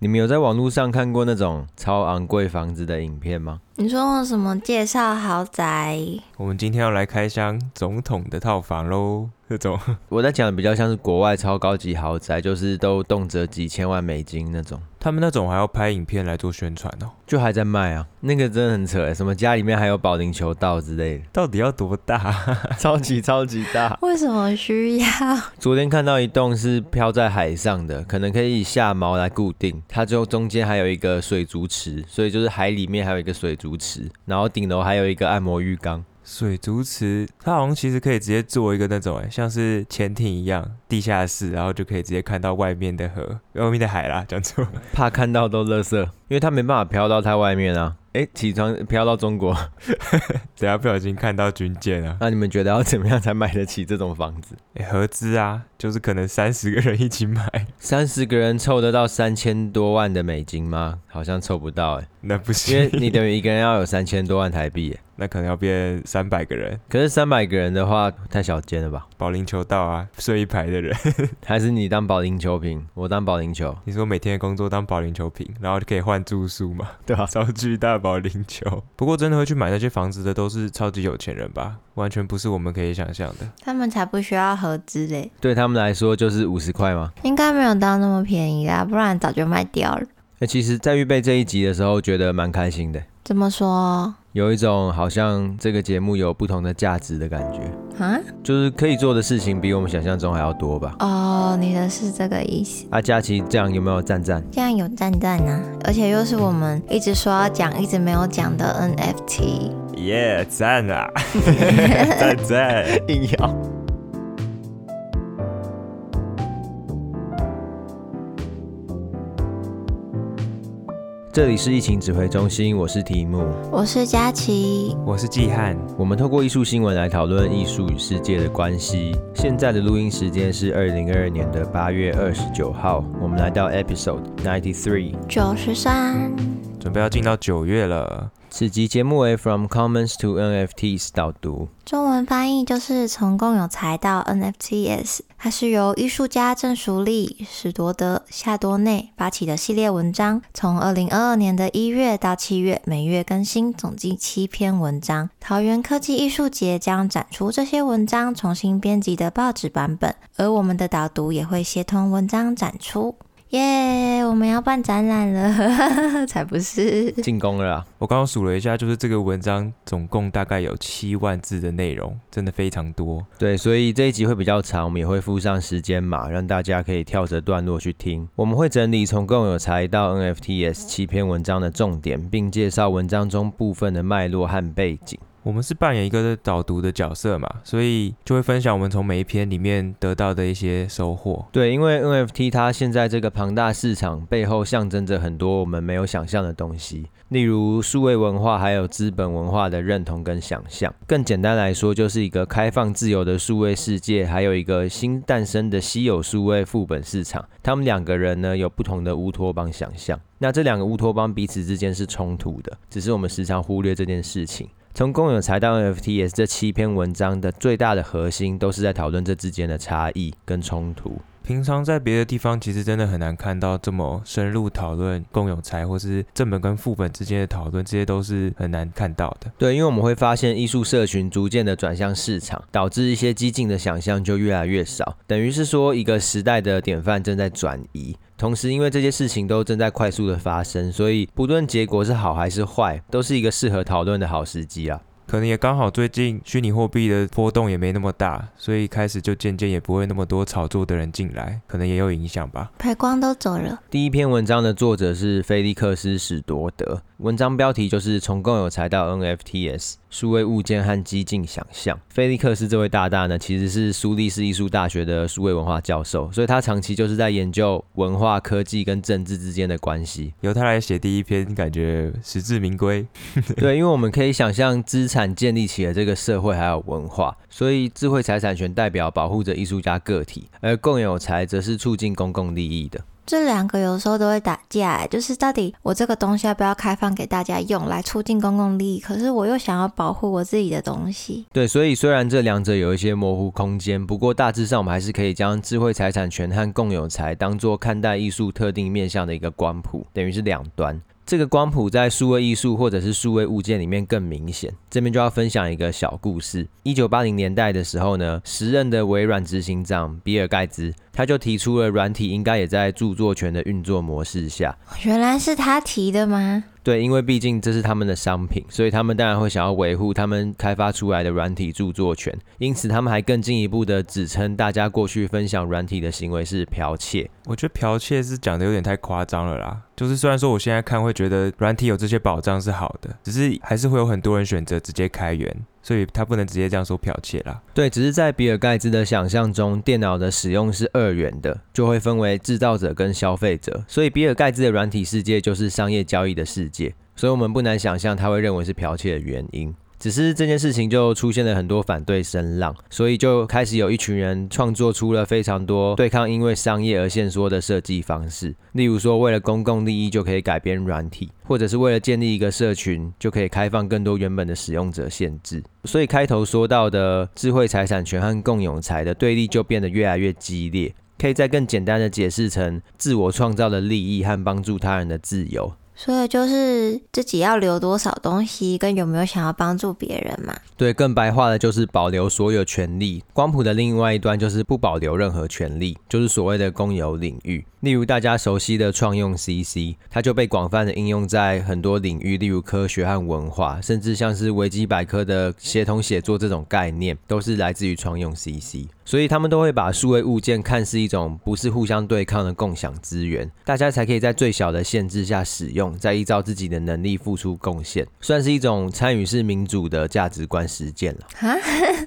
你們有在網絡上看過那種超昂貴房子的影片嗎？你說什麼？介紹豪宅？我們今天要來開箱總統的套房嘍。這種我在講的比較像是國外超高級豪宅，就是都動輒幾千萬美金那種。他們那種還要拍影片來做宣傳哦，就還在賣啊。那個真的很扯，欸，什麼家裡面還有保齡球道之類的，到底要多大？超級超級大。為什麼需要？昨天看到一棟是漂在海上的，可能可以下錨來固定。它就中間還有一個水族池，所以就是海裡面還有一個水族池，然後頂樓還有一個按摩浴缸。水族池，它好像其實可以直接做一個那種，哎，像是潛艇一樣，地下室，然後就可以直接看到外面的河、外面的海啦。講錯了，怕看到都垃圾，因為它沒辦法漂到太外面啊。哎、欸，起床漂到中國， 等下不小心看到軍艦啊。那你們覺得要怎麼樣才買得起這種房子？欸、合資啊，就是可能三十個人一起買，三十個人湊得到三千多萬的美金嗎？好像湊不到哎，那不行，因為你等於一個人要有三千多萬台幣。那可能要變三百個人，可是三百個人的話太小間了吧？保齡球道啊，睡一排的人， 還是你當保齡球瓶，我當保齡球。你說每天的工作當保齡球瓶，然後就可以換住宿嘛？對吧、啊？超巨大保齡球。不過真的會去買那些房子的都是超級有錢人吧？完全不是我們可以想象的。他們才不需要合資嘞，對他們來說就是五十塊嘛？應該沒有到那麼便宜啊，不然早就賣掉了。那、欸、其實，在預備這一集的時候，覺得蠻開心的。怎麼說、啊。有一種好像這個節目有不同的價值的感覺啊，就是可以做的事情比我們想象中還要多吧？哦，你的是這個意思。阿佳琪，這樣有沒有讚讚？這樣有讚讚啊！而且又是我們一直說要講，一直沒有講的 NFT。耶，讚啊！讚 讚讚，硬要。這裡是藝情指揮中心，我是提姆，我是佳琪，我是季漢。我們透過藝術新聞來討論藝術與世界的關係。現在的錄音時間是二零二二年的八月二十九號，我們來到 episode ninety three，九十三，準備要進到九月了。此集節目為《From Commons to NFTs》導讀，中文翻譯就是從共有財到 NFTs。它是由藝術家鄭淑麗、史鐸德、夏多內發起的系列文章，從二零二二年的一月到七月，每月更新，總計七篇文章。桃園科技藝術節將展出這些文章重新編輯的報紙版本，而我們的導讀也會協同文章展出。耶！Yeah, 我們要辦展覽了呵呵，才不是進攻了啊！我剛剛數了一下，就是這個文章總共大概有七萬字的內容，真的非常多。對，所以這一集會比較長，我們也會附上時間碼，讓大家可以跳着段落去聽。我們會整理從共有財到 NFTs 七篇文章的重點，並介紹文章中部分的脈絡和背景。我們是扮演一個導讀的角色嘛，所以就會分享我們從每一篇裡面得到的一些收穫。對，因為 NFT 它現在這個龐大市場背後象徵着很多我們沒有想象的東西，例如數位文化，還有資本文化的認同跟想象。更簡單來說，就是一個開放自由的數位世界，還有一個新誕生的稀有數位副本市場。他們兩個人呢有不同的烏托邦想象，那這兩個烏托邦彼此之間是衝突的，只是我們時常忽略這件事情。從共有財到 NFTs，也是這七篇文章的最大的核心，都是在討論這之間的差異跟衝突。平常在別的地方，其實真的很難看到這麼深入討論共有財或是正本跟副本之間的討論，這些都是很難看到的。對，因為我們會發現藝術社群逐漸的轉向市場，導致一些激進的想象就越來越少。等於是說，一個時代的典範正在轉移。同時，因為這些事情都正在快速的發生，所以不論結果是好還是壞，都是一個適合討論的好時機啊。可能也剛好最近虛擬貨幣的波動也沒那麼大，所以開始就漸漸也不會那麼多炒作的人進來，可能也有影響吧。排光都走了。第一篇文章的作者是菲利克斯·史鐸德，文章標題就是《從共有財到 NFTs：數位物件和激進想象》。菲利克斯這位大大呢，其實是蘇黎世藝術大學的數位文化教授，所以他長期就是在研究文化科技跟政治之間的關係。由他來寫第一篇，感覺實至名歸。 對，因為我們可以想象資產。建立起了這個社會還有文化，所以智慧財產權代表保護着藝術家個體，而共有財則是促進公共利益的。這兩個有時候都會打架，就是到底我這個東西要不要開放給大家用來促進公共利益？可是我又想要保護我自己的東西。對，所以雖然這兩者有一些模糊空間，不過大致上我們還是可以將智慧財產權和共有財當做看待藝術特定面向的一個光譜，等於是兩端。這個光譜在數位藝術或者是數位物件裡面更明顯。這邊就要分享一個小故事。一九八零年代的時候呢，時任的微軟執行長比爾蓋茨。他就提出了軟體應該也在著作權的運作模式下。原來是他提的嗎？對，因為畢竟這是他們的商品，所以他們當然會想要維護他們開發出來的軟體著作權。因此，他們還更進一步的指稱大家過去分享軟體的行為是剽竊。我覺得剽竊是講得有點太誇張了啦。就是雖然說我現在看會覺得軟體有這些保障是好的，只是還是會有很多人選擇直接開源。所以他不能直接這樣說剽竊啦。對，只是在比爾蓋茨的想象中，電腦的使用是二元的，就會分為制造者跟消費者。所以比爾蓋茨的軟體世界就是商業交易的世界，所以我們不難想象他會認為是剽竊的原因。只是這件事情就出現了很多反對聲浪，所以就開始有一群人創作出了非常多對抗因為商業而限縮的設計方式。例如說，為了公共利益就可以改編軟體，或者是為了建立一個社群就可以開放更多原本的使用者限制。所以開頭說到的智慧財產權和共有財的對立就變得越來越激烈。可以再更簡單的解釋成自我創造的利益和幫助他人的自由。所以就是自己要留多少東西，跟有沒有想要幫助別人嘛？對，更白話的就是保留所有權利。光譜的另外一端就是不保留任何權利，就是所謂的公有領域。例如大家熟悉的創用 CC，它就被廣泛的應用在很多領域，例如科學和文化，甚至像是維基百科的協同寫作這種概念，都是來自於創用 CC。所以他們都會把數位物件看似一種不是互相對抗的共享資源，大家才可以在最小的限制下使用。再依照自己的能力付出貢獻，算是一種參與式民主的價值觀實踐了。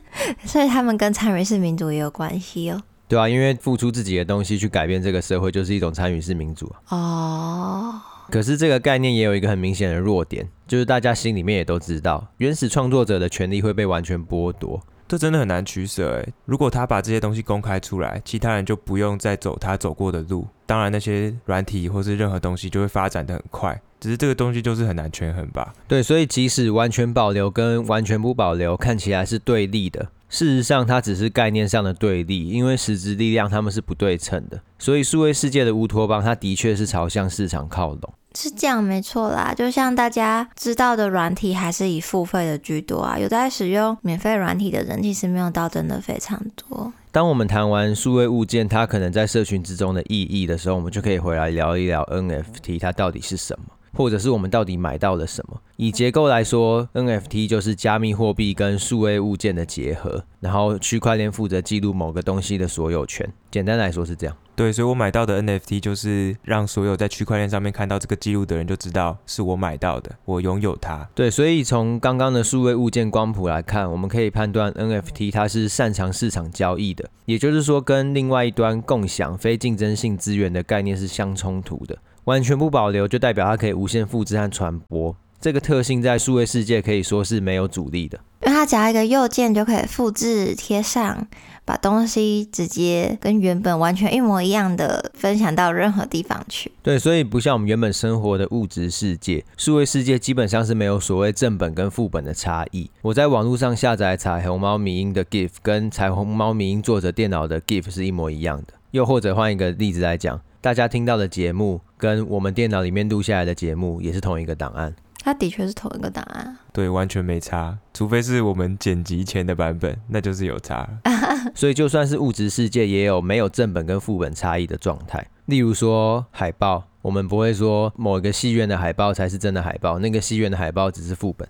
所以他們跟參與式民主也有關係哦。對啊，因為付出自己的東西去改變這個社會，就是一種參與式民主哦。可是這個概念也有一個很明顯的弱點，就是大家心裡面也都知道，原始創作者的權利會被完全剝奪。這真的很難取捨誒。如果他把這些東西公開出來，其他人就不用再走他走過的路。當然，那些軟體或是任何東西就會發展得很快。只是這個東西就是很難權衡吧？對，所以即使完全保留跟完全不保留看起來是對立的，事實上它只是概念上的對立，因為實質力量它們是不對稱的。所以數位世界的烏托邦，它的確是朝向市場靠攏。是這樣沒錯啦，就像大家知道的，軟體還是以付費的居多啊。有在使用免費軟體的人，其實沒有到真的非常多。當我們談完數位物件它可能在社群之中的意義的時候，我們就可以回來聊一聊 NFT 它到底是什麼，或者是我們到底買到了什麼。以結構來說，嗯，NFT 就是加密貨幣跟數位物件的結合，然後區塊鏈負責記錄某個東西的所有權。簡單來說是這樣。對，所以我買到的 NFT 就是讓所有在區塊鏈上面看到這個記錄的人，就知道是我買到的，我擁有它。對，所以從剛剛的數位物件光譜來看，我們可以判斷 NFT 它是擅長市場交易的，也就是說跟另外一端共享非競爭性資源的概念是相衝突的。完全不保留就代表它可以無限複制和傳播，這個特性在數位世界可以說是沒有阻力的。因為它只要一個右鍵就可以複製貼上。把東西直接跟原本完全一模一樣的分享到任何地方去。對，所以不像我們原本生活的物質世界，數位世界基本上是沒有所謂正本跟副本的差異。我在網絡上下載彩虹貓迷因的 GIF，跟彩虹貓迷因作者電腦的 GIF 是一模一樣的。又或者換一個例子來講，大家聽到的節目跟我們電腦裡面錄下來的節目也是同一個檔案。它的確是同一個檔案，對，完全沒差，除非是我們剪輯前的版本，那就是有差。 所以就算是物質世界，也有沒有正本跟副本差異的狀態。例如說海報，我們不會說某一個戲院的海報才是真的海報，那個戲院的海報只是副本。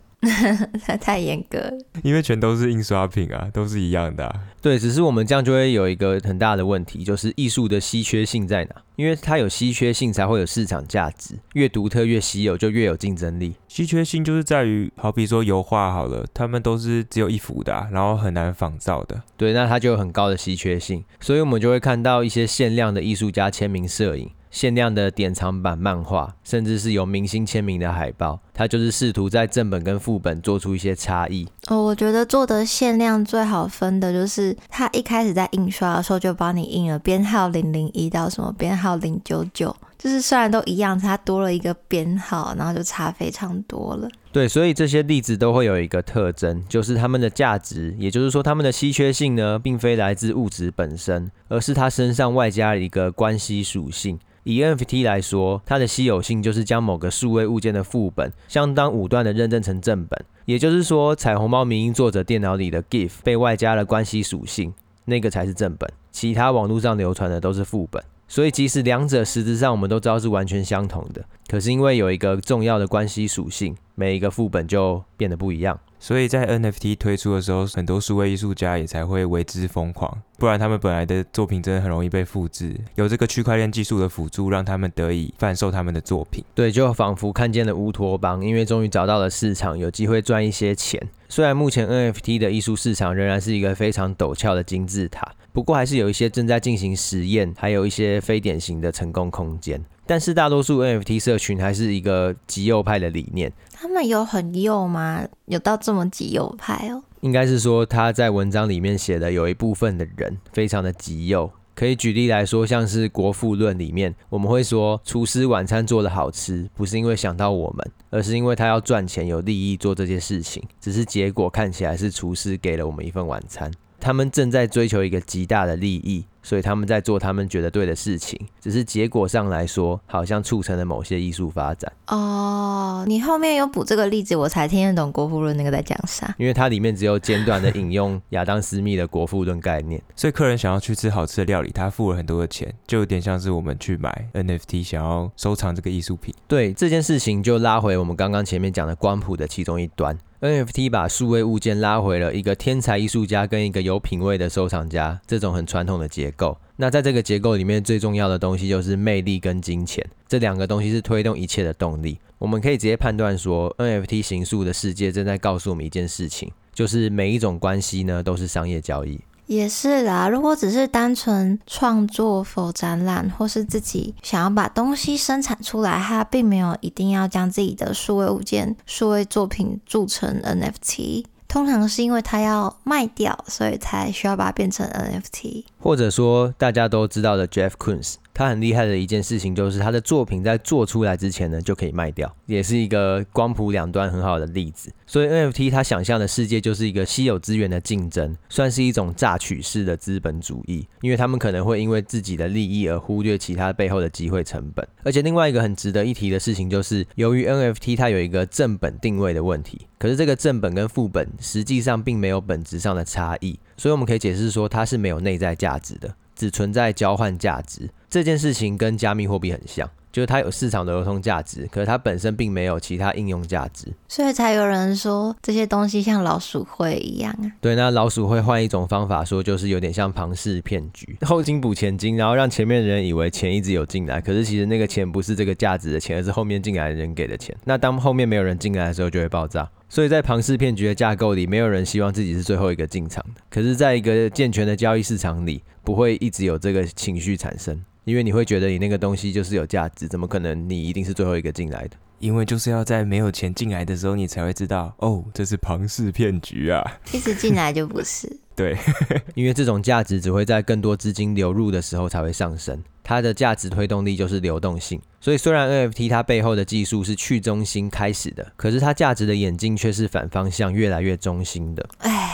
它 太嚴格了，因為全都是印刷品啊，都是一樣的啊。對，只是我們這樣就會有一個很大的問題，就是藝術的稀缺性在哪？因為它有稀缺性才會有市場價值，越獨特越稀有就越有競爭力。稀缺性就是在於，好比說油畫好了，他們都是只有一幅的啊，然後很難仿造的。對，那它就有很高的稀缺性。所以我們就會看到一些限量的藝術家簽名攝影。限量的典藏版漫畫，甚至是有明星簽名的海報，它就是試圖在正本跟副本做出一些差異。哦，oh, 我覺得做的限量最好分的就是，它一開始在印刷的時候就幫你印了編號零零一到什麼編號零九九，就是雖然都一樣，它多了一個編號，然後就差非常多了。對，所以這些例子都會有一個特徵，就是它們的價值，也就是說它們的稀缺性呢，並非來自物質本身，而是它身上外加了一個關係屬性。以 NFT 來說，它的稀有性就是將某個數位物件的副本，相當武斷地認證成正本。也就是說，彩虹貓迷因作者電腦裡的 GIF 被外加了關係屬性，那個才是正本，其他網絡上流傳的都是副本。所以，即使兩者實質上我們都知道是完全相同的，可是因為有一個重要的關係屬性，每一個副本就變得不一樣。所以在 NFT 推出的時候，很多數位藝術家也才會為之瘋狂。不然，他們本來的作品真的很容易被複制。有這個區塊鏈技術的輔助，讓他們得以販售他們的作品。對，就仿佛看見了烏托邦，因為終於找到了市場，有機會賺一些錢。雖然目前 NFT 的藝術市場仍然是一個非常陡峭的金字塔，不過還是有一些正在進行實驗，還有一些非典型的成功空間。但是大多數 NFT 社群還是一個極右派的理念。他們有很右嗎？有到這麼極右派哦？應該是說他在文章裡面寫的有一部分的人非常的極右，可以舉例來說，像是《國富論》裡面，我們會說廚師晚餐做的好吃，不是因為想到我們，而是因為他要賺錢有利益做這些事情，只是結果看起來是廚師給了我們一份晚餐，他們正在追求一個極大的利益。所以他們在做他們覺得對的事情，只是結果上來說，好像促成了某些藝術發展。哦，oh, 你後面有補這個例子，我才聽得懂國富論那個在講啥。因為它裡面只有簡短的引用亞當斯密的國富論概念， 所以客人想要去吃好吃的料理，他付了很多的錢，就有點像是我們去買 NFT 想要收藏這個藝術品。對，這件事情就拉回我們剛剛前面講的光譜的其中一端，NFT 把數位物件拉回了一個天才藝術家跟一個有品味的收藏家這種很傳統的結果。構。那在這個結構裡面最重要的東西就是魅力跟金錢，這兩個東西是推動一切的動力。我們可以直接判斷說，NFT 形塑的世界正在告訴我們一件事情，就是每一種關係呢都是商業交易。也是啦，如果只是單純創作，否展覽，或是自己想要把東西生產出來，它並沒有一定要將自己的數位物件，數位作品鑄成 NFT。通常是因為它要賣掉，所以才需要把它變成 NFT，或者說大家都知道的 Jeff Koons。他很厲害的一件事情，就是他的作品在做出來之前呢，就可以賣掉，也是一個光譜兩端很好的例子。所以 NFT 它想象的世界就是一個稀有資源的競爭，算是一種榨取式的資本主義，因為他們可能會因為自己的利益而忽略其他背後的機會成本。而且另外一個很值得一提的事情，就是由於 NFT 它有一個正本定位的問題，可是這個正本跟副本實際上並沒有本質上的差異，所以我們可以解釋說它是沒有內在價值的，只存在交換價值。這件事情跟加密貨幣很像，就是它有市場的流通價值，可是它本身並沒有其他應用價值，所以才有人說這些東西像老鼠會一樣啊。對，那老鼠會換一種方法說，就是有點像龐氏騙局，後金補前金，然後讓前面的人以為錢一直有進來，可是其實那個錢不是這個價值的錢，而是後面進來的人給的錢。那當後面沒有人進來的時候就會爆炸。所以在龐氏騙局的架構裡，沒有人希望自己是最後一個進場的。可是，在一個健全的交易市場裡，不會一直有這個情緒產生。因為你會覺得你那個東西就是有價值，怎麼可能你一定是最後一個進來的？因為就是要在沒有錢進來的時候，你才會知道哦，這是龐氏騙局啊！其實進來就不是 對， 因為這種價值只會在更多資金流入的時候才會上升，它的價值推動力就是流動性。所以雖然 NFT 它背後的技術是去中心開始的，可是它價值的演進卻是反方向，越來越中心的。唉，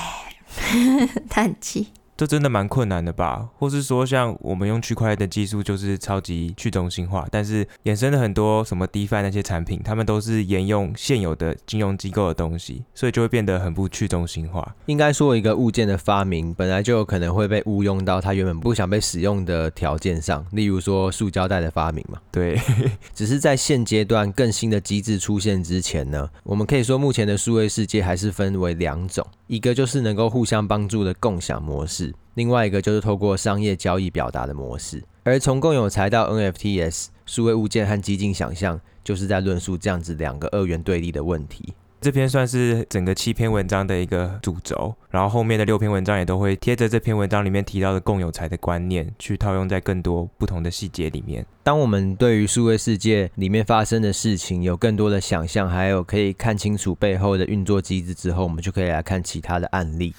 嘆氣。這真的蠻困難的吧？或是說，像我們用區塊鏈的技術，就是超級去中心化，但是衍生了很多什麼 DeFi 那些產品，他們都是沿用現有的金融機構的東西，所以就會變得很不去中心化。應該說，一個物件的發明本來就有可能會被誤用到它原本不想被使用的條件上，例如說塑膠袋的發明嘛。對， 只是在現階段更新的機制出現之前呢，我們可以說目前的數位世界還是分為兩種，一個就是能夠互相幫助的共享模式。另外一個就是透過商業交易表達的模式，而從共有財到 NFTs 數位物件和激進想象，就是在論述這樣子兩個二元對立的問題。這篇算是整個七篇文章的一個主軸，然後後面的六篇文章也都會貼着這篇文章裡面提到的共有財的觀念，去套用在更多不同的細節裡面。當我們對於數位世界裡面發生的事情有更多的想象，還有可以看清楚背後的運作機制之後，我們就可以來看其他的案例。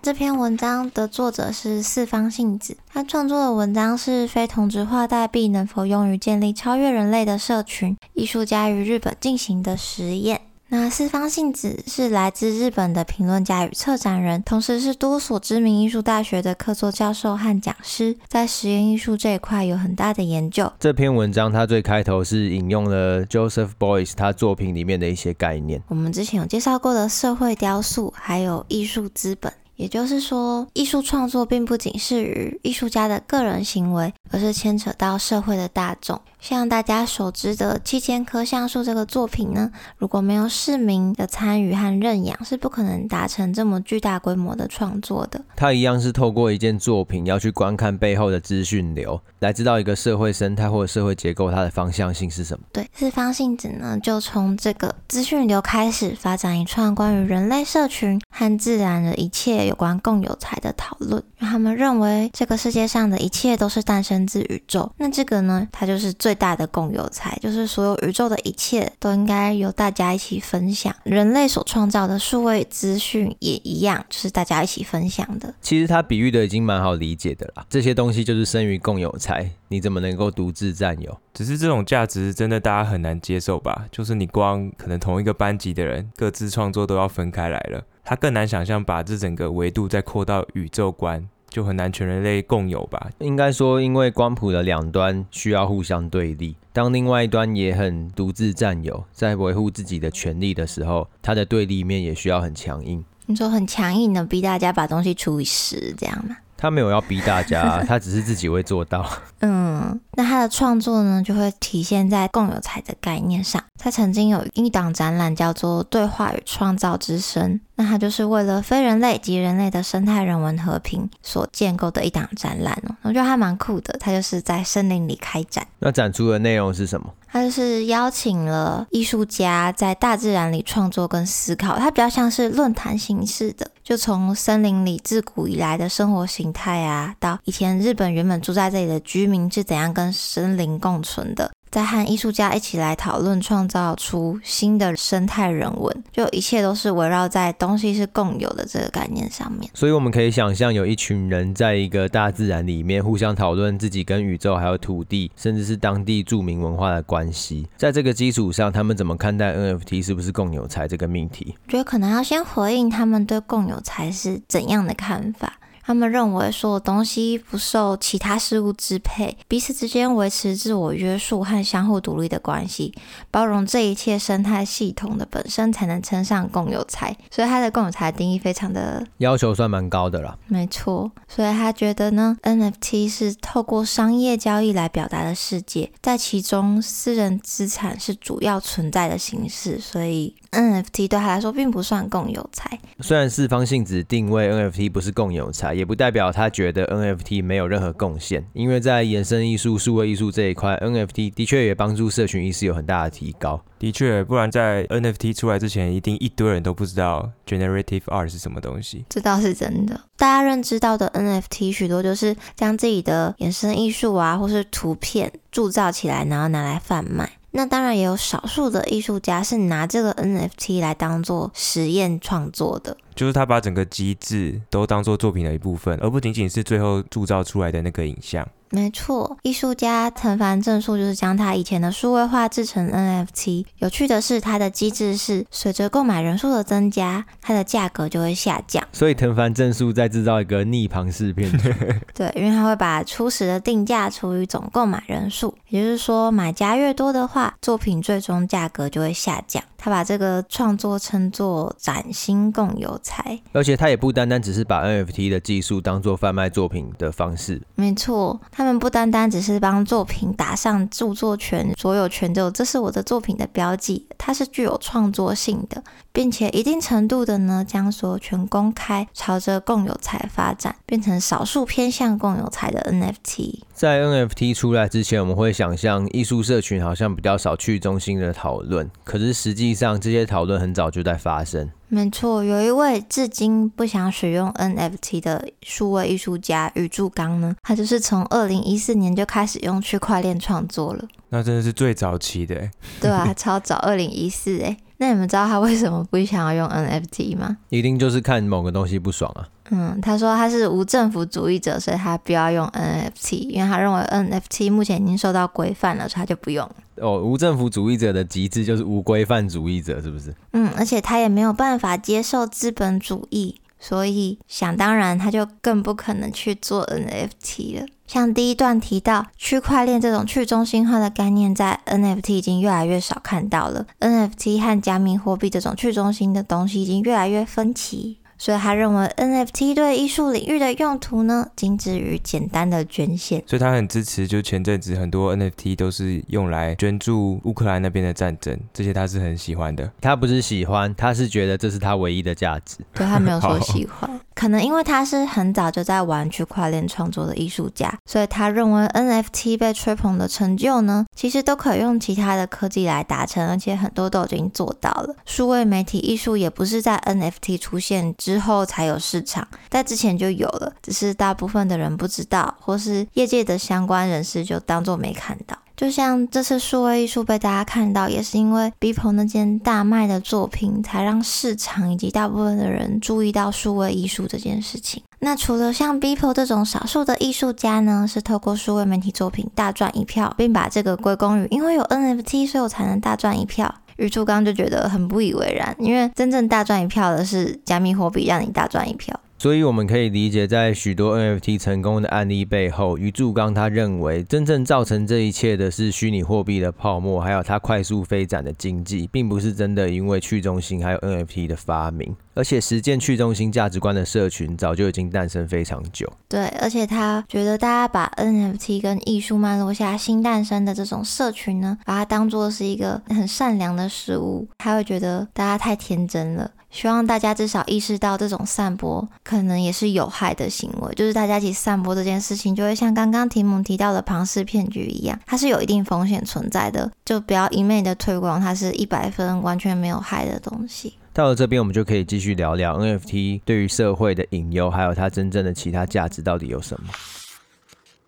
這篇文章的作者是四方幸子，他創作的文章是非同質化代幣能否用於建立超越人類的社群？藝術家於日本進行的實驗。那四方幸子是來自日本的評論家與策展人，同時是多所知名藝術大學的客座教授和講師，在實驗藝術這一塊有很大的研究。這篇文章它最開頭是引用了 Joseph Beuys 他作品裡面的一些概念，我們之前有介紹過的社會雕塑，還有藝術資本。也就是說，藝術創作並不僅是於藝術家的個人行為，而是牽扯到社會的大眾。像大家所知的《七千棵橡樹》這個作品呢，如果沒有市民的參與和認養，是不可能達成這麼巨大規模的創作的。它一樣是透過一件作品要去觀看背後的資訊流，來知道一個社會生態或者社會結構它的方向性是什麼？對，四方性子呢，就從這個資訊流開始發展一串關於人類社群和自然的一切。有關共有財的討論，他們認為這個世界上的一切都是誕生自宇宙，那這個呢，它就是最大的共有財，就是所有宇宙的一切都應該由大家一起分享。人類所創造的數位資訊也一樣，就是大家一起分享的。其實他比喻的已經蠻好理解的啦，這些東西就是生於共有財，你怎麼能夠獨自佔有？只是這種價值真的大家很難接受吧？就是你光可能同一個班級的人各自創作都要分開來了。他更難想象把這整個維度再擴到宇宙觀，就很難全人類共有吧？應該說，因為光譜的兩端需要互相對立，當另外一端也很獨自占有，在維護自己的權利的時候，他的對立面也需要很強硬。你說很強硬能逼大家把東西除以十，這樣嗎？他沒有要逼大家啊，他只是自己會做到。 嗯，那他的創作呢，就會體現在共有財的概念上。他曾經有一檔展覽叫做《對話與創造之聲》，那他就是為了非人類及人類的生態人文和平所建構的一檔展覽哦。我覺得還蠻酷的，他就是在森林裡開展。那展出的內容是什麼？它就是邀請了藝術家在大自然裡創作跟思考，它比較像是論壇形式的，就從森林裡自古以來的生活形態啊，到以前日本原本住在這裡的居民是怎樣跟森林共存的。在和藝術家一起來討論，創造出新的生態人文，就一切都是圍繞在東西是共有的這個概念上面。所以我們可以想象，有一群人在一個大自然裡面互相討論自己跟宇宙、還有土地，甚至是當地著名文化的關係。在這個基礎上，他們怎麼看待 NFT 是不是共有財這個命題？我覺得可能要先回應他們對共有財是怎樣的看法。他們認為，所有東西不受其他事物支配，彼此之間維持自我約束和相互獨立的關係，包容這一切生態系統的本身，才能稱上共有財。所以，他的共有財的定義非常的要求算蠻高的了。沒錯，所以他覺得呢，NFT 是透過商業交易來表達的世界，在其中私人資產是主要存在的形式，所以 NFT 對他來說並不算共有財。雖然四方幸子定位 NFT 不是共有財。也不代表他覺得 NFT 沒有任何貢獻，因為在衍生藝術、數位藝術這一塊，NFT 的確也幫助社群意識有很大的提高。的確，不然在 NFT 出來之前，一定一堆人都不知道 Generative Art 是什麼東西。這倒是真的，大家認知到的 NFT 許多就是將自己的衍生藝術啊，或是圖片鑄造起來，然後拿來販賣。那當然也有少數的藝術家是拿這個 NFT 來當做實驗創作的。就是他把整個機制都當做作,作品的一部分，而不僅僅是最後鑄造出來的那個影像。沒錯，藝術家藤幡正樹就是將他以前的數位畫制成 NFT。有趣的是，他的機制是隨着購買人數的增加，它的價格就會下降。所以藤幡正樹在制造一個逆龐氏騙局 對，因為他會把初始的定價除以總購買人數，也就是說，買家越多的話，作品最終價格就會下降。他把這個創作稱作“嶄新共有財”，而且他也不單單只是把 NFT 的技術當做販賣作品的方式。沒錯，他們不單單只是幫作品打上著作權所有權，就這是我的作品的標記，它是具有創作性的，並且一定程度的呢，將所有權公開，朝着共有財發展，變成少數偏向共有財的 NFT。在 NFT 出來之前，我們會想象藝術社群好像比較少去中心的討論。可是實際上，這些討論很早就在發生。沒錯，有一位至今不想使用 NFT 的數位藝術家宇柱剛呢，他就是從2014年就開始用區塊鏈創作了。那真的是最早期的。對啊，超早，2014哎。 那你們知道他為什麼不想要用 NFT 嗎？一定就是看某個東西不爽啊。嗯，他說他是無政府主義者，所以他不要用 NFT，因為他認為 NFT 目前已經受到規範了，所以他就不用了。哦，無政府主義者的極致就是無規範主義者，是不是？嗯，而且他也沒有辦法接受資本主義，所以想當然他就更不可能去做 NFT 了。像第一段提到區塊鏈這種去中心化的概念，在 NFT 已經越來越少看到了。NFT 和加密貨幣這種去中心的東西已經越來越分歧。所以他認為 NFT 對藝術領域的用途呢，僅止於簡單的捐獻。所以他很支持，就前陣子很多 NFT 都是用來捐助烏克蘭那邊的戰爭，這些他是很喜歡的。他不是喜歡，他是覺得這是他唯一的價值。對，他沒有說喜歡，好可能因為他是很早就在玩區塊鏈創作的藝術家，所以他認為 NFT 被吹捧的成就呢，其實都可以用其他的科技來達成，而且很多都已經做到了。數位媒體藝術也不是在 NFT 出現之後才有市場，在之前就有了，只是大部分的人不知道，或是業界的相關人士就當作沒看到。就像這次數位藝術被大家看到，也是因為 Beeple 那件大賣的作品，才讓市場以及大部分的人注意到數位藝術這件事情。那除了像 Beeple 這種少數的藝術家呢，是透過數位媒體作品大賺一票，並把這個歸功於因為有 NFT，所以我才能大賺一票。於初剛就覺得很不以為然，因為真正大賺一票的是加密貨幣，讓你大賺一票。所以我們可以理解，在許多 NFT 成功的案例背後，余柱剛他認為真正造成這一切的是虛擬貨幣的泡沫，還有它快速飛漲的經濟，並不是真的因為去中心還有 NFT 的發明。而且，實踐去中心價值觀的社群早就已經誕生非常久。對，而且他覺得大家把 NFT 跟藝術曼洛下新誕生的這種社群呢，把它當做是一個很善良的事物，他會覺得大家太天真了。希望大家至少意識到這種散播可能也是有害的行為，就是大家一起散播這件事情，就會像剛剛提姆提到的龐氏騙局一樣，它是有一定風險存在的，就不要一味的推廣它是一百分完全沒有害的東西。到了這邊，我們就可以繼續聊聊 NFT 對於社會的隱憂，還有它真正的其他價值到底有什麼。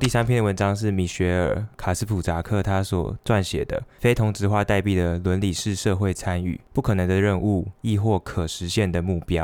第三篇文章是米歇爾·卡斯普扎克他所撰寫的《非同質化代幣的倫理式社會參與：不可能的任務，抑或可實現的目標》。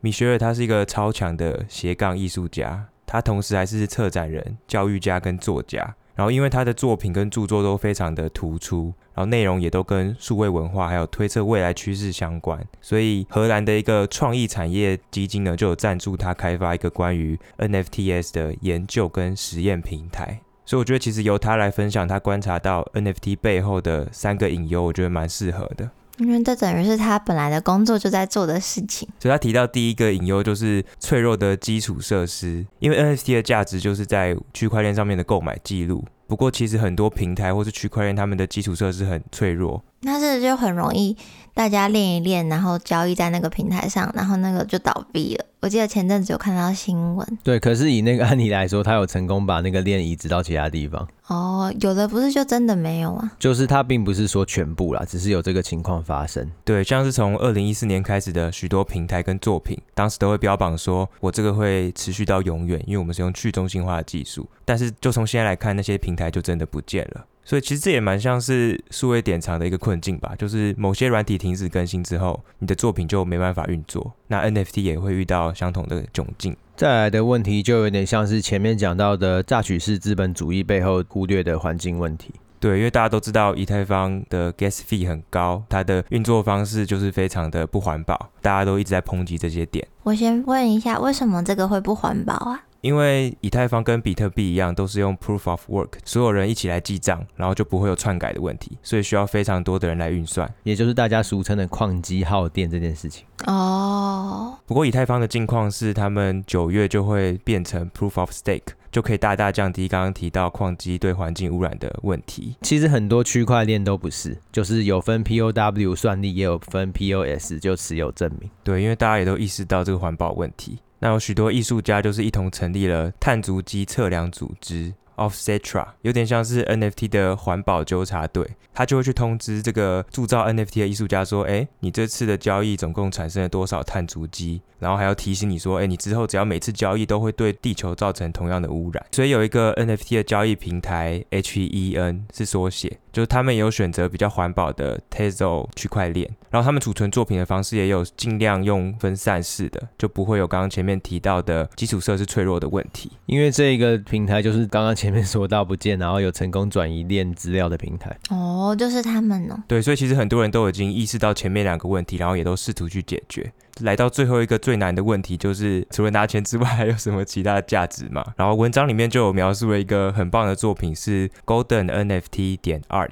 米歇爾他是一個超強的斜槓藝術家，他同時還是策展人、教育家跟作家。然後，因為他的作品跟著作都非常的突出，然後內容也都跟數位文化還有推測未來趨勢相關，所以荷蘭的一個創意產業基金呢，就有贊助他開發一個關於 NFTs 的研究跟實驗平台。所以我覺得，其實由他來分享他觀察到 NFT 背後的三個隱憂，我覺得蠻適合的。因為這等於是他本來的工作就在做的事情。所以他提到第一個隱憂就是脆弱的基礎設施，因為 NFT 的價值就是在區塊鏈上面的購買記錄。不過其實很多平台或是區塊鏈，他們的基礎設施很脆弱，那這就很容易。大家練一練，然後交易在那個平台上，然後那個就倒閉了。我記得前陣子有看到新聞。對，可是以那個案例來說，他有成功把那個鏈移植到其他地方。哦，有的不是就真的沒有嗎？啊？就是他並不是說全部啦，只是有這個情況發生。對，像是從二零一四年開始的許多平台跟作品，當時都會標榜說我這個會持續到永遠，因為我們是用去中心化的技術。但是就從現在來看，那些平台就真的不見了。所以其實這也蠻像是數位典藏的一個困境吧，就是某些軟體停止更新之後，你的作品就沒辦法運作。那 NFT 也會遇到相同的窘境。再來的問題就有點像是前面講到的榨取式資本主義背後忽略的環境問題。對，因為大家都知道以太坊的 gas fee 很高，它的運作方式就是非常的不環保，大家都一直在抨擊這些點。我先問一下，為什麼這個會不環保啊？因為以太坊跟比特幣一樣，都是用 proof of work，所有人一起來記賬，然後就不會有篡改的問題，所以需要非常多的人來運算，也就是大家俗稱的礦機耗電這件事情。哦。Oh. 不過以太坊的境況是，他們九月就會變成 proof of stake，就可以大大降低剛剛提到礦機對環境污染的問題。其實很多區塊鏈都不是，就是有分 POW 算力，也有分 POS，就持有證明。對，因為大家也都意識到這個環保問題。那有許多藝術家就是一同成立了碳足跡測量組織 Offsetra，有點像是 NFT 的環保糾察隊。他就會去通知這個鑄造 NFT 的藝術家說：“哎、欸，你這次的交易總共產生了多少碳足跡？”然後還要提醒你說：“哎、欸，你之後只要每次交易都會對地球造成同樣的污染。”所以有一個 NFT 的交易平台 HEN 是縮寫。就是他們也有選擇比較環保的 Tezos 區塊鏈，然後他們儲存作品的方式也有盡量用分散式的，就不會有剛剛前面提到的基礎設施脆弱的問題。因為這一個平台就是剛剛前面說到不見，然後有成功轉移鏈資料的平台。哦，oh, 就是他們哦、喔。對，所以其實很多人都已經意識到前面兩個問題，然後也都試圖去解決。來到最後一個最難的問題，就是除了拿錢之外，還有什麼其他的價值嘛？然後文章裡面就有描述了一個很棒的作品，是 Golden NFT 點 Art。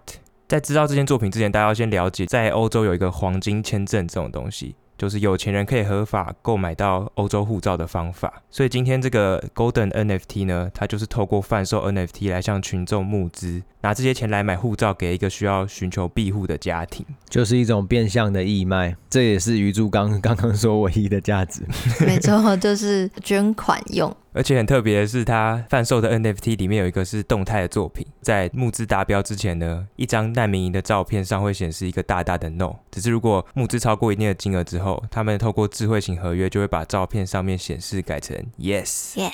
在知道這件作品之前，大家要先了解，在歐洲有一個黃金簽證這種東西。就是有錢人可以合法購買到歐洲護照的方法，所以今天這個 Golden NFT 呢，它就是透過販售 NFT 來向群眾募資，拿這些錢來買護照給一個需要尋求庇護的家庭，就是一種變相的義賣。這也是余珠剛剛剛說唯一的價值，沒錯，就是捐款用。而且很特別的是，它販售的 NFT 裡面有一個是動態的作品，在募資達標之前呢，一張難民營的照片上會顯示一個大大的 No。只是如果募資超過一定的金額之後，他們透過智慧型合約，就會把照片上面顯示改成 yes yes。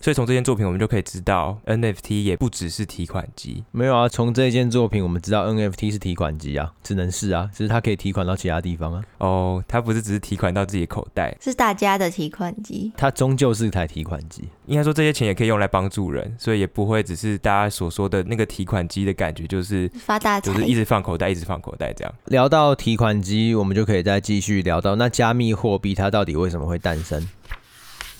所以從這件作品，我們就可以知道 NFT 也不只是提款機。沒有啊，從這件作品，我們知道 NFT 是提款機啊，只能是啊，只是它可以提款到其他地方啊。哦，oh, 它不是只是提款到自己的口袋，是大家的提款機。它終究是一台提款機。應該說，這些錢也可以用來幫助人，所以也不會只是大家所說的那個提款機的感覺，就是發大財，就是一直放口袋，一直放口袋這樣。聊到提款機，我們就可以再繼續聊到。那加密貨幣它到底為什麼會誕生？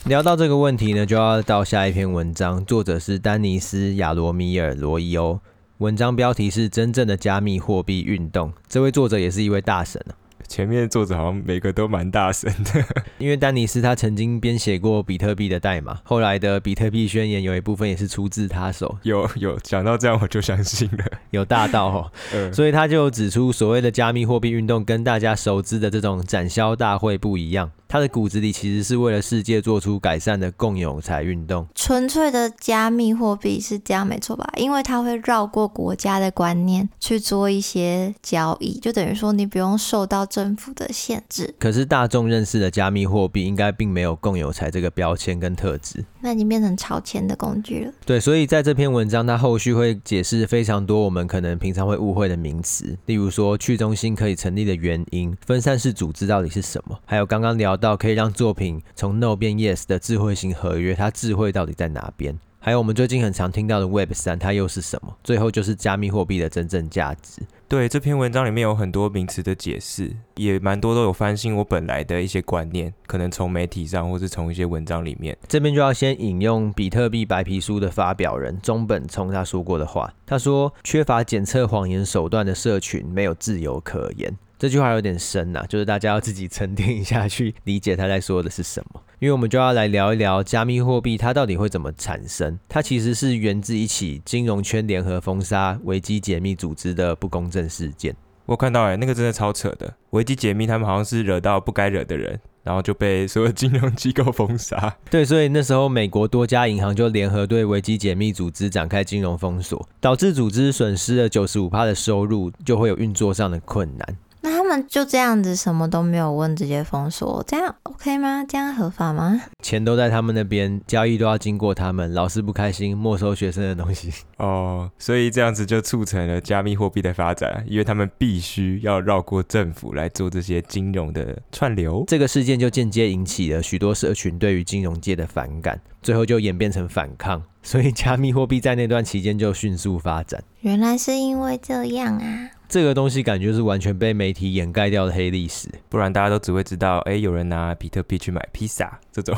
聊到這個問題呢，就要到下一篇文章，作者是丹尼斯亞羅米爾羅伊歐，文章標題是《真正的加密貨幣運動》。這位作者也是一位大神前面作者好像每個都蠻大聲的，因為丹尼斯他曾經編寫過比特幣的代碼，後來的比特幣宣言有一部分也是出自他手。有有講到這樣我就相信了，有大道哈、哦，呃，所以他就指出所謂的加密貨幣運動跟大家熟知的這種展銷大會不一樣。他的骨子裡其實是為了世界做出改善的共有財運動。純粹的加密貨幣是這樣，沒錯吧？因為它會繞過國家的觀念去做一些交易，就等於說你不用受到政府的限制。可是大眾認識的加密貨幣應該並沒有共有財這個標籤跟特質，那已經變成炒錢的工具了。對，所以在這篇文章，它後續會解釋非常多我們可能平常會誤會的名詞，例如說去中心可以成立的原因，分散式組織到底是什麼，還有剛剛聊到，到可以讓作品從 No 變 Yes 的智慧型合約，它智慧到底在哪邊？還有我們最近很常聽到的 Web 三，它又是什麼？最後就是加密貨幣的真正價值。對這篇文章裡面有很多名詞的解釋，也蠻多都有翻新我本來的一些觀念，可能從媒體上或是從一些文章裡面。這邊就要先引用比特幣白皮書的發表人中本聰他說過的話，他說：“缺乏檢測謊言手段的社群，沒有自由可言。”這句話有點深吶、啊，就是大家要自己沉澱一下，去理解他在說的是什麼。因為我們就要來聊一聊加密貨幣，它到底會怎麼產生？它其實是源自一起金融圈聯合封殺維基解密組織的不公正事件。我看到哎、欸，那個真的超扯的。維基解密他們好像是惹到不該惹的人，然後就被所有金融機構封殺。對，所以那時候美國多家銀行就聯合對維基解密組織展開金融封鎖，導致組織損失了九十五趴的收入，就會有運作上的困難。那他們就這樣子什麼都沒有問，直接封鎖，這樣 OK 嗎？這樣合法嗎？錢都在他們那邊，交易都要經過他們，老師不開心，沒收學生的東西。哦，oh, 所以這樣子就促成了加密貨幣的發展，因為他們必須要繞過政府來做這些金融的串流。這個事件就間接引起了許多社群對於金融界的反感，最後就演變成反抗。所以加密貨幣在那段期間就迅速發展。原來是因為這樣啊。這個東西感覺是完全被媒體掩蓋掉的黑歷史，不然大家都只會知道，哎，有人拿比特幣去買披薩這種，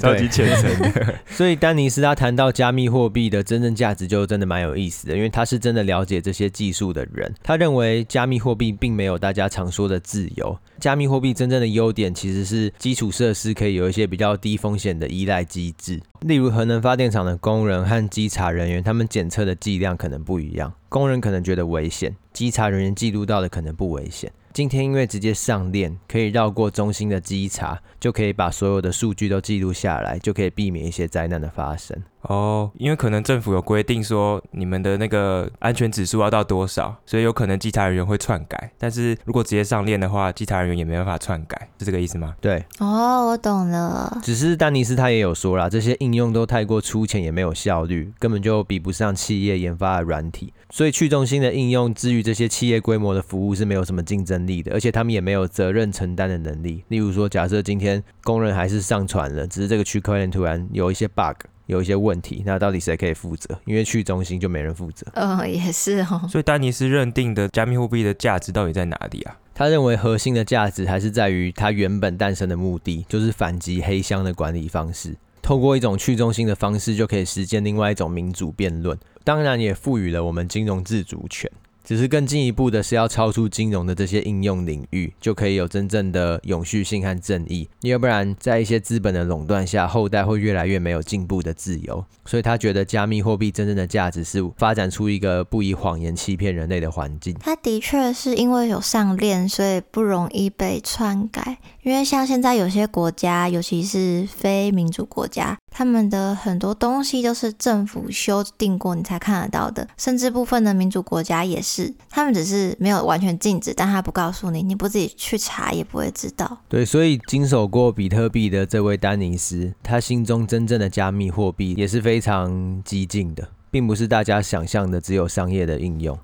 超級虔誠的。 對 所以丹尼斯他談到加密貨幣的真正價值，就真的蠻有意思的，因為他是真的了解這些技術的人。他認為加密貨幣並沒有大家常說的自由，加密貨幣真正的優點其實是基礎設施可以有一些比較低風險的依賴機制，例如核能發電廠的工人和稽查人員，他們檢測的劑量可能不一樣。工人可能覺得危險，稽查人員記錄到的可能不危險。今天因為直接上鏈，可以繞過中心的稽查，就可以把所有的數據都記錄下來，就可以避免一些災難的發生。哦，因為可能政府有規定說你們的那個安全指數要到多少，所以有可能稽查人員會篡改。但是如果直接上鏈的話，稽查人員也沒辦法篡改，是這個意思嗎？對。哦，我懂了。只是丹尼斯他也有說啦，這些應用都太過粗淺，也沒有效率，根本就比不上企業研發的軟體。所以去中心的應用，之於這些企業規模的服務是沒有什麼競爭力的，而且他們也沒有責任承擔的能力。例如說，假設今天工人還是上傳了，只是這個區塊鏈突然有一些 bug，有一些問題，那到底誰可以負責？因為去中心就沒人負責。哦，也是哦。所以丹尼斯認定的加密貨幣的價值到底在哪裡啊？他認為核心的價值還是在於它原本誕生的目的，就是反擊黑箱的管理方式。透過一種去中心的方式，就可以實現另外一種民主辯論。當然，也賦予了我們金融自主權。只是更進一步的是要超出金融的這些應用領域，就可以有真正的永續性和正義。要不然，在一些資本的壟斷下，後代會越來越沒有進步的自由。所以他覺得加密貨幣真正的價值是發展出一個不以謊言欺騙人類的環境。他的確是因為有上鏈，所以不容易被篡改。因為像現在有些國家，尤其是非民主國家，他們的很多東西都是政府修訂過你才看得到的，甚至部分的民主國家也是。是，他們只是沒有完全禁止，但他不告訴你，你不自己去查也不會知道。對，所以經手過比特幣的這位丹尼斯，他心中真正的加密貨幣也是非常激進的，並不是大家想象的只有商業的應用。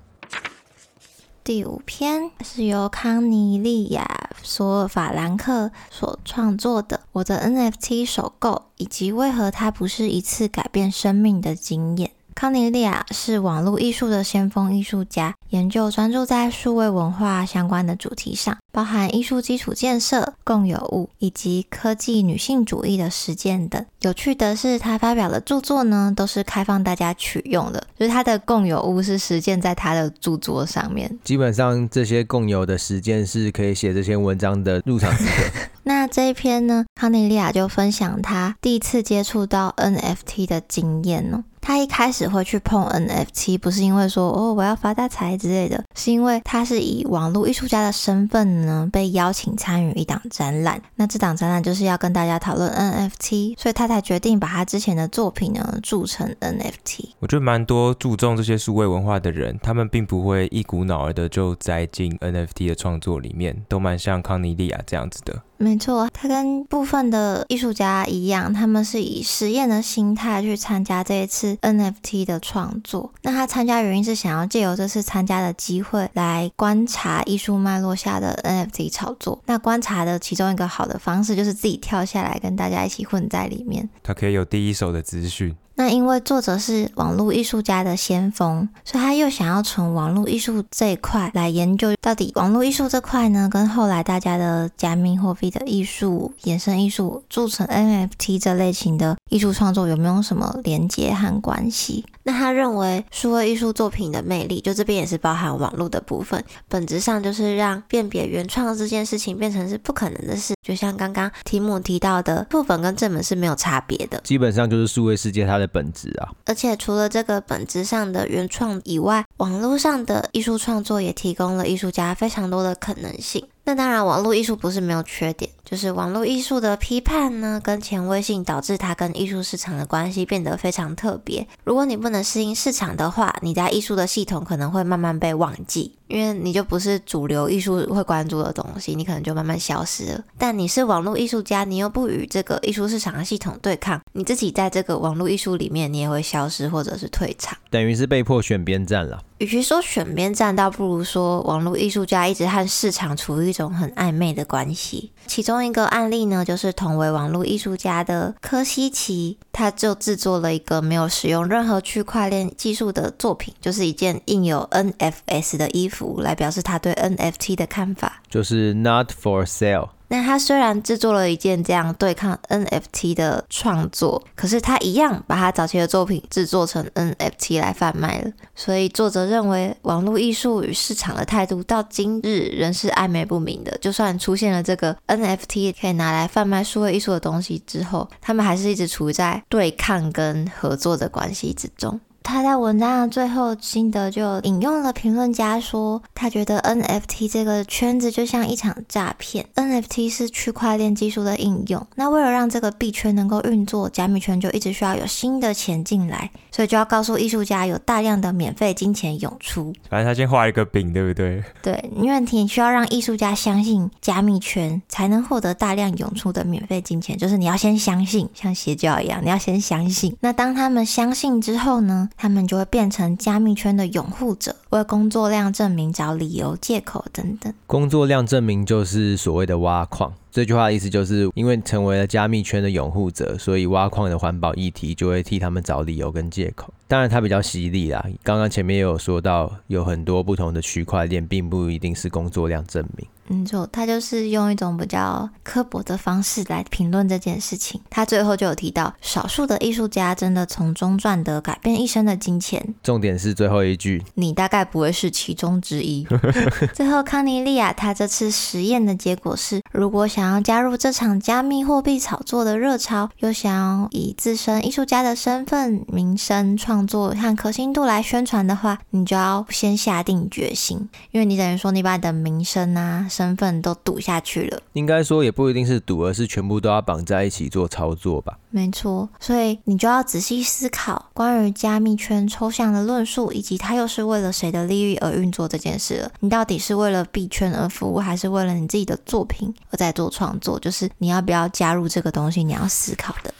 第五篇是由康尼利亞·索爾法蘭克所創作的《我的 NFT 首購》，以及為何它不是一次改變生命的經驗。康尼利亞是網路藝術的先鋒藝術家，研究專注在數位文化相關的主題上，包含藝術基礎建設、共有物以及科技女性主義的實踐等。有趣的是，他發表的著作呢，都是開放大家取用的，就是他的共有物是實踐在他的著作上面。基本上，這些共有的實踐是可以寫這些文章的入場券。 那這一篇呢，康尼利亞就分享他第一次接觸到 NFT 的經驗呢、哦。他一開始會去碰 NFT，不是因為說哦我要發大財之類的，是因為他是以網絡藝術家的身份呢，被邀請參與一檔展覽，那這檔展覽就是要跟大家討論 NFT，所以他才決定把他之前的作品呢鑄成 NFT。我覺得蠻多注重這些數位文化的人，他們並不會一股腦兒的就栽進 NFT 的創作裡面，都蠻像康妮莉亞這樣子的。沒錯，他跟部分的藝術家一樣，他們是以實驗的心態去參加這一次 NFT 的創作。那他參加原因是想要借由這次參加的機會來觀察藝術脈絡下的 NFT 炒作。那觀察的其中一個好的方式就是自己跳下來跟大家一起混在裡面，他可以有第一手的資訊。那因為作者是網絡藝術家的先鋒，所以他又想要從網絡藝術這一塊來研究，到底網絡藝術這塊呢，跟後來大家的加密貨幣的藝術衍生藝術鑄成 NFT 這類型的藝術創作有沒有什麼連接和關係？那他認為數位藝術作品的魅力，就這邊也是包含網絡的部分，本質上就是讓辨別原創這件事情變成是不可能的事。就像剛剛題目提到的，副本跟正本是沒有差別的，基本上就是數位世界它的本質啊。而且除了這個本質上的原創以外，網絡上的藝術創作也提供了藝術家非常多的可能性。那當然，網絡藝術不是沒有缺點，就是網絡藝術的批判呢，跟前衛性導致它跟藝術市場的關係變得非常特別。如果你不能適應市場的話，你在藝術的系統可能會慢慢被忘記，因為你就不是主流藝術會關注的東西，你可能就慢慢消失了。但你是網絡藝術家，你又不與這個藝術市場的系統對抗，你自己在這個網絡藝術裡面，你也會消失或者是退場，等於是被迫選邊站了。與其說選邊站，倒不如說網絡藝術家一直和市場處於，一種很曖昧的關係。其中一個案例呢，就是同為網絡藝術家的科西奇，他就制作了一個沒有使用任何區塊鏈技術的作品，就是一件印有 NFS 的衣服，來表示他對 NFT 的看法，就是 Not for sale。但他雖然製作了一件這樣對抗 NFT 的創作，可是他一樣把他早期的作品製作成 NFT 來販賣了。所以作者認為，網絡藝術與市場的態度到今日仍是曖昧不明的。就算出現了這個 NFT 可以拿來販賣數位藝術的東西之後，他們還是一直處在對抗跟合作的關係之中。他在文章的最後，心得就引用了評論家說：“他覺得 NFT 這個圈子就像一場詐騙。NFT 是區塊鏈技術的應用，那為了讓這個幣圈能夠運作，加密圈就一直需要有新的錢進來。”所以就要告訴藝術家，有大量的免費金錢湧出。反正他先畫一個餅，對不對？對，因為你需要讓藝術家相信加密圈，才能獲得大量湧出的免費金錢。就是你要先相信，像邪教一樣，你要先相信。那當他們相信之後呢？他們就會變成加密圈的擁護者，為工作量證明找理由、借口等等。工作量證明就是所謂的挖礦。這句話的意思就是，因為成為了加密圈的擁護者，所以挖礦的環保議題就會替他們找理由跟借口。當然，它比較犀利啦。剛剛前面也有說到，有很多不同的區塊鏈，並不一定是工作量證明。嗯，就他就是用一種比較刻薄的方式來評論這件事情。他最後就有提到，少數的藝術家真的從中賺得改變一生的金錢。重點是最後一句，你大概不會是其中之一。 最後，康尼利亞他這次實驗的結果是，如果想要加入這場加密貨幣炒作的熱潮，又想要以自身藝術家的身份、名聲、創作和可信度來宣傳的話，你就要先下定決心，因為你等於說你把你的名聲啊。身份都賭下去了，應該說也不一定是賭，而是全部都要綁在一起做操作吧。沒錯，所以你就要仔細思考關於加密圈抽象的論述，以及它又是為了誰的利益而運作這件事了。你到底是為了幣圈而服務，還是為了你自己的作品而在做創作？就是你要不要加入這個東西，你要思考的。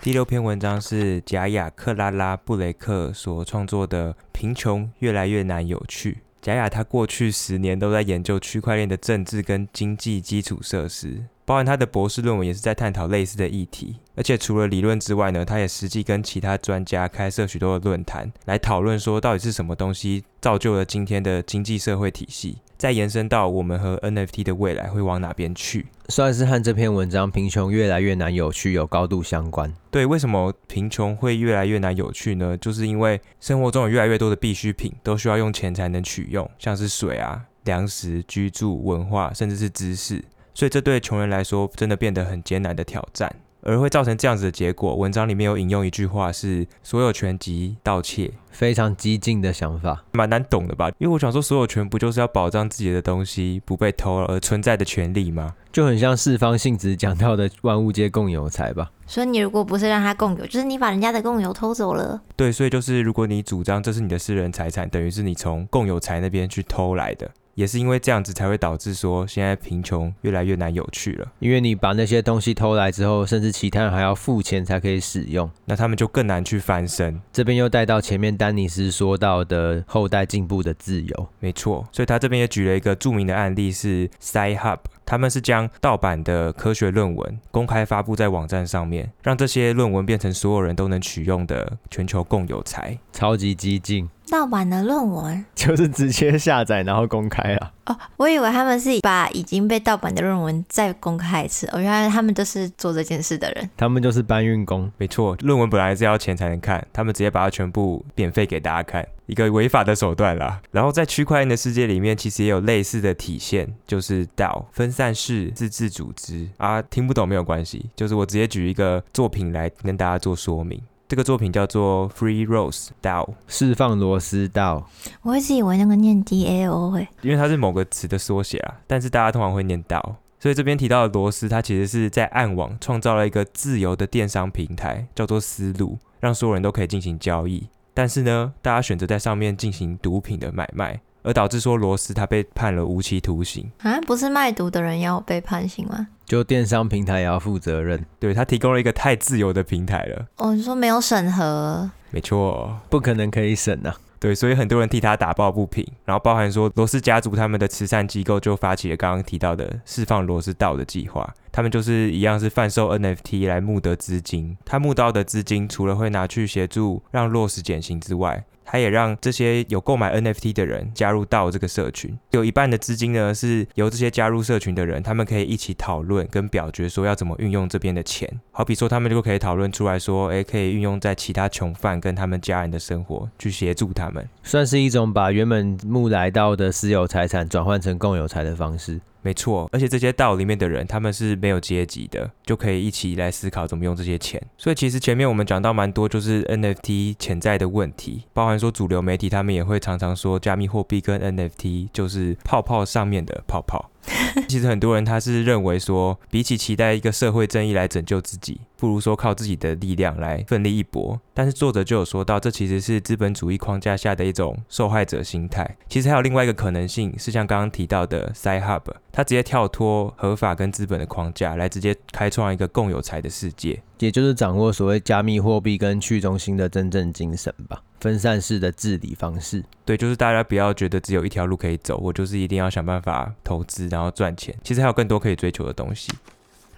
第六篇文章是賈雅克拉拉布雷克所創作的《貧窮越來越難有趣》。賈雅他過去十年都在研究區塊鏈的政治跟經濟基礎設施，包含他的博士論文也是在探討類似的議題。而且除了理論之外呢，他也實際跟其他專家開設許多的論壇，來討論說到底是什麼東西造就了今天的經濟社會體系。再延伸到我們和 NFT 的未來會往哪邊去，算是和這篇文章“貧窮越來越難有趣”有高度相關。對，為什麼貧窮會越來越難有趣呢？就是因為生活中有越來越多的必需品都需要用錢才能取用，像是水啊、糧食、居住、文化，甚至是知識。所以這對窮人來說真的變得很艱難的挑戰。而會造成這樣子的結果。文章裡面有引用一句話，是“所有權即盜竊”，非常激進的想法，蠻難懂的吧？因為我想說，所有權不就是要保障自己的東西不被偷而存在的權利嗎？就很像四方性質講到的“萬物皆共有財”吧？所以你如果不是讓它共有，就是你把人家的共有偷走了。對，所以就是如果你主張這是你的私人財產，等於是你從共有財那邊去偷來的。也是因為這樣子才會導致說，現在貧窮越來越難有趣了，因為你把那些東西偷來之後，甚至其他人還要付錢才可以使用，那他們就更難去翻身。這邊又帶到前面丹尼斯說到的後代進步的自由，沒錯，所以他這邊也舉了一個著名的案例是 SciHub 他們是將盜版的科學論文公開發布在網站上面，讓這些論文變成所有人都能取用的全球共有財。超級激進。盜版的論文就是直接下載然後公開啊哦，我以為他們是把已經被盜版的論文再公開一次。哦，原來他們就是做這件事的人。他們就是搬運工，沒錯。論文本來是要錢才能看，他們直接把它全部免費給大家看，一個違法的手段啦。然後在區塊鏈的世界裡面，其實也有類似的體現，就是 DAO 分散式自治組織啊。聽不懂沒有關係，就是我直接舉一個作品來跟大家做說明。這個作品叫做 Free Ross DAO，釋放羅斯 DAO。我一直以為那個念 D A O，因為它是某個詞的縮寫啊，但是大家通常會念 DAO，所以這邊提到的羅斯，它其實是在暗網創造了一個自由的電商平台，叫做絲路，讓所有人都可以進行交易。但是呢，大家選擇在上面進行毒品的買賣。而導致說羅斯他被判了無期徒刑啊。不是賣毒的人要被判刑嗎？就電商平台也要負責任，對，他提供了一個太自由的平台了。哦，你說沒有審核？沒錯，不可能可以審啊。對，所以很多人替他打抱不平，然後包含說羅斯家族他們的慈善機構就發起了剛剛提到的釋放羅斯道的計劃。他們就是一樣是販售 NFT 來募得資金，他募到的資金除了會拿去協助讓羅斯減刑之外，他也讓這些有購買 NFT 的人加入到這個社群，有一半的資金呢是由這些加入社群的人，他們可以一起討論跟表決，說要怎麼運用這邊的錢。好比說，他們就可以討論出來說，誒，可以運用在其他囚犯跟他們家人的生活，去協助他們，算是一種把原本募來到的私有財產轉換成共有財的方式。沒錯，而且這些 DAO 裡面的人，他們是沒有階級的，就可以一起來思考怎麼用這些錢。所以其實前面我們講到蠻多，就是 NFT 潛在的問題，包含說主流媒體他們也會常常說，加密貨幣跟 NFT 就是泡泡上面的泡泡。 其實很多人他是認為說，比起期待一個社會正義來拯救自己，不如說靠自己的力量來奮力一搏。但是作者就有說到，這其實是資本主義框架下的一種受害者心態。其實還有另外一個可能性，是像剛剛提到的 Sci-Hub，他直接跳脫合法跟資本的框架，來直接開創一個共有財的世界，也就是掌握所謂加密貨幣跟去中心的真正精神吧。分散式的治理方式，對，就是大家不要覺得只有一條路可以走，我就是一定要想辦法投資，然後賺錢。其實還有更多可以追求的東西。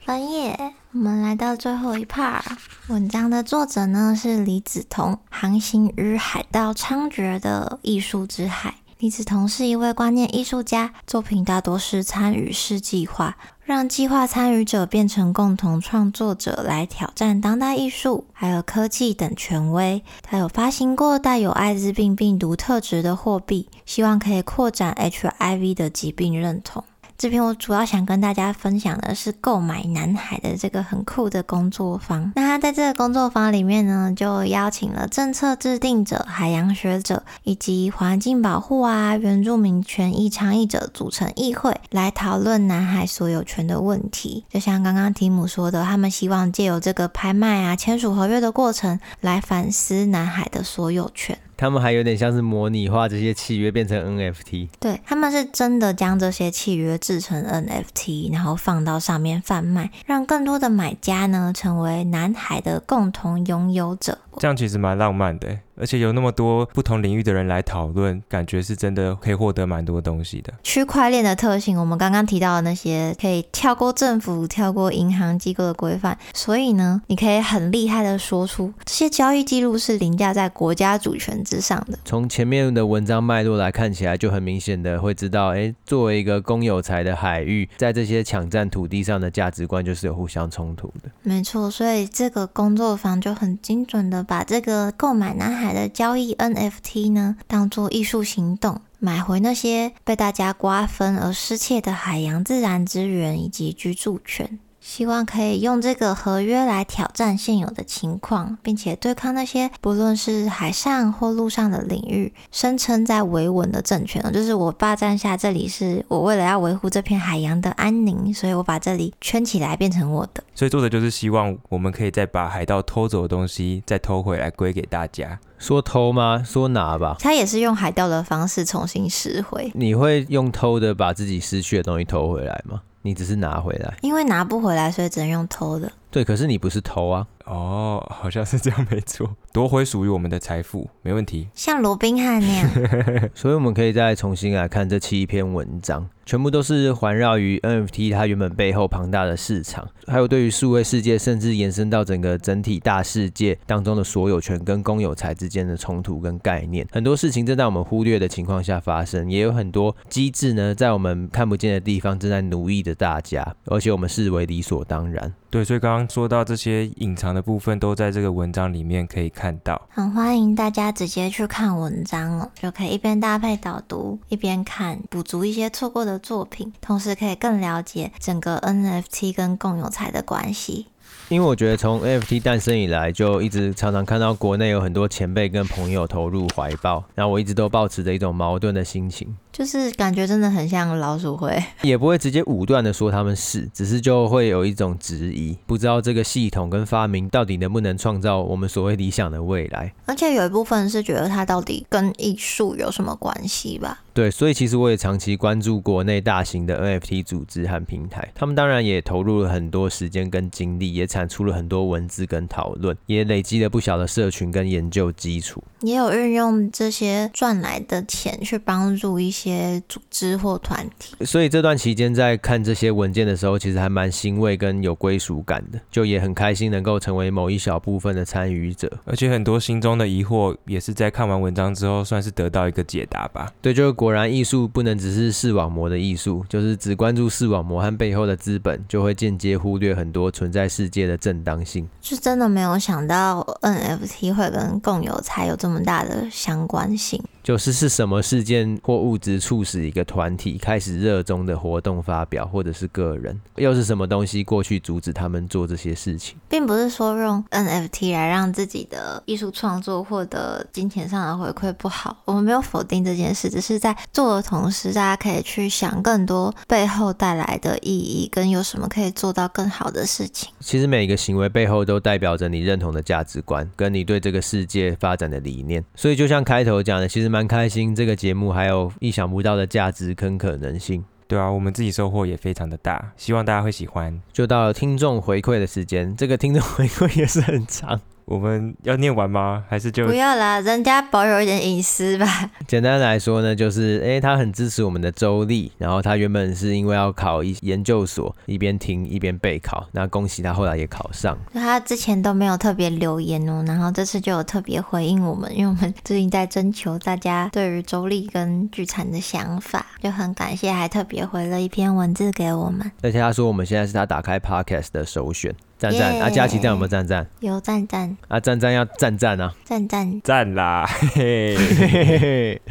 翻頁，我們來到最後一 part。文章的作者呢是李子彤，《航行於海盜猖獗的藝術之海》。李此同是一位觀念藝術家，作品大多是參與式計劃，讓計劃參與者變成共同創作者來挑戰當代藝術，還有科技等權威。他有發行過帶有艾滋病病毒特質的貨幣，希望可以擴展 HIV 的疾病認同。這篇我主要想跟大家分享的是購買南海的這個很酷的工作坊。那他在這個工作坊裡面呢，就邀請了政策制定者、海洋學者以及環境保護啊、原住民權益倡議者組成議會，來討論南海所有權的問題。就像剛剛提姆說的，他們希望借由這個拍賣啊、簽署合約的過程，來反思南海的所有權。他們還有點像是模擬化這些契約變成 NFT，對，他們是真的將這些契約製成 NFT，然後放到上面販賣，讓更多的買家呢成為南海的共同擁有者。這樣其實蠻浪漫的，而且有那麼多不同領域的人來討論，感覺是真的可以獲得蠻多東西的。區塊鏈的特性，我們剛剛提到的那些可以跳過政府、跳過銀行機構的規範，所以呢，你可以很厲害的說出這些交易記錄是凌駕在國家主權之上的。從前面的文章脈絡來看起來，就很明顯的會知道，哎、欸，作為一個公有財的海域，在這些搶佔土地上的價值觀就是有互相衝突的。沒錯，所以這個工作坊就很精準的。把這個購買南海的交易 NFT 呢，當做藝術行動，買回那些被大家瓜分而失竊的海洋自然資源以及居住權。希望可以用這個合約來挑戰現有的情況，並且對抗那些不論是海上或陸上的領域，聲稱在維穩的政權。就是我霸佔下這裡，是我為了要維護這片海洋的安寧，所以我把這裡圈起來變成我的。所以作者就是希望我們可以再把海盜偷走的東西再偷回來歸給大家。說偷嗎？說拿吧。他也是用海盜的方式重新拾回。你會用偷的把自己失去的東西偷回來嗎？你只是拿回來，因為拿不回來，所以只能用偷的。對，可是你不是偷啊。哦，好像是這樣。沒，沒錯，奪回屬於我們的財富，沒問題，像羅賓漢那樣。 所以我們可以再重新來看這七篇文章，全部都是環繞於 NFT 它原本背後龐大的市場，還有對於數位世界，甚至延伸到整個整體大世界當中的所有權跟公有財之間的衝突跟概念。很多事情正在我們忽略的情況下發生，也有很多機制呢，在我們看不見的地方正在奴役着大家，而且我們視為理所當然。對，所以剛剛說到這些隱藏的。的部分都在這個文章裡面可以看到，很歡迎大家直接去看文章哦，就可以一邊搭配導讀，一邊看，補足一些錯過的作品，同時可以更了解整個 NFT 跟共有財的關係。因為我覺得從 NFT 誕生以來，就一直常常看到國內有很多前輩跟朋友投入懷抱，然後我一直都保持着一種矛盾的心情。就是感覺真的很像老鼠會，也不會直接武斷的說他們是，只是就會有一種質疑，不知道這個系統跟發明到底能不能創造我們所謂理想的未來。而且有一部分是覺得它到底跟藝術有什麼關係吧？對，所以其實我也長期關注國內大型的 NFT 組織和平台，他們當然也投入了很多時間跟精力，也產出了很多文字跟討論，也累積了不小的社群跟研究基礎。也有運用這些賺來的錢去幫助一些些組織或團體，所以這段期間在看這些文件的時候，其實還蠻欣慰跟有歸屬感的，就也很開心能夠成為某一小部分的參與者，而且很多心中的疑惑也是在看完文章之後算是得到一個解答吧。對，就是果然藝術不能只是視網膜的藝術，就是只關注視網膜和背後的資本，就會間接忽略很多存在世界的正當性。是真的沒有想到 NFT 會跟共有財有這麼大的相關性。就是是什麼事件或物質促使一個團體開始熱衷的活動發表，或者是個人，又是什麼東西過去阻止他們做這些事情？並不是說用 NFT 來讓自己的藝術創作獲得金錢上的回饋不好，我們沒有否定這件事，只是在做的同時，大家可以去想更多背後帶來的意義，跟有什麼可以做到更好的事情。其實每一個行為背後都代表着你認同的價值觀，跟你對這個世界發展的理念。所以就像開頭講的，其實。蠻開心，這個節目還有意想不到的價值跟可能性。對啊，我們自己收穫也非常的大，希望大家會喜歡。就到了聽眾回饋的時間，這個聽眾回饋也是很長。我們要念完嗎？還是就不要啦？人家保有一點隱私吧。簡單來說呢，就是欸，他很支持我們的周麗，然後他原本是因為要考研究所，一邊聽一邊備考。那恭喜他後來也考上。他之前都沒有特別留言哦，然後這次就有特別回應我們，因為我們最近在徵求大家對於周麗跟聚餐的想法，就很感謝，還特別回了一篇文字給我們。而且他說我們現在是他打開 podcast 的首選。讚讚，阿佳琪讚有沒有讚讚？有讚讚，阿讚讚要讚讚啊讚讚！讚讚讚啦，嘿嘿嘿嘿嘿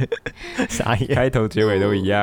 傻耶！ 啥思開頭結尾都一樣，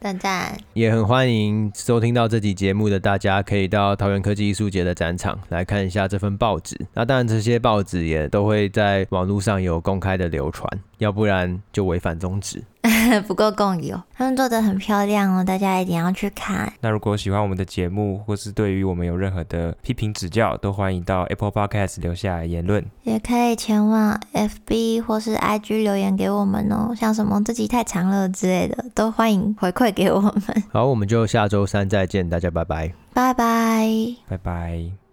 嗯，讚讚。也很歡迎收聽到這期節目的大家，可以到桃園科技藝術節的展場來看一下這份報紙。那當然，這些報紙也都會在網路上有公開的流傳，要不然就違反宗旨。 不過共有，他們做得很漂亮哦，大家一定要去看。那如果喜歡我們的節目，或是對於我們有任何的批評指教，都歡迎到 Apple Podcast 留下來言論，也可以前往 FB 或是 IG 留言給我們哦。像什麼這集太長了之類的，都歡迎回饋給我們。好，我們就下周三再見，大家拜拜，拜拜 bye，拜拜。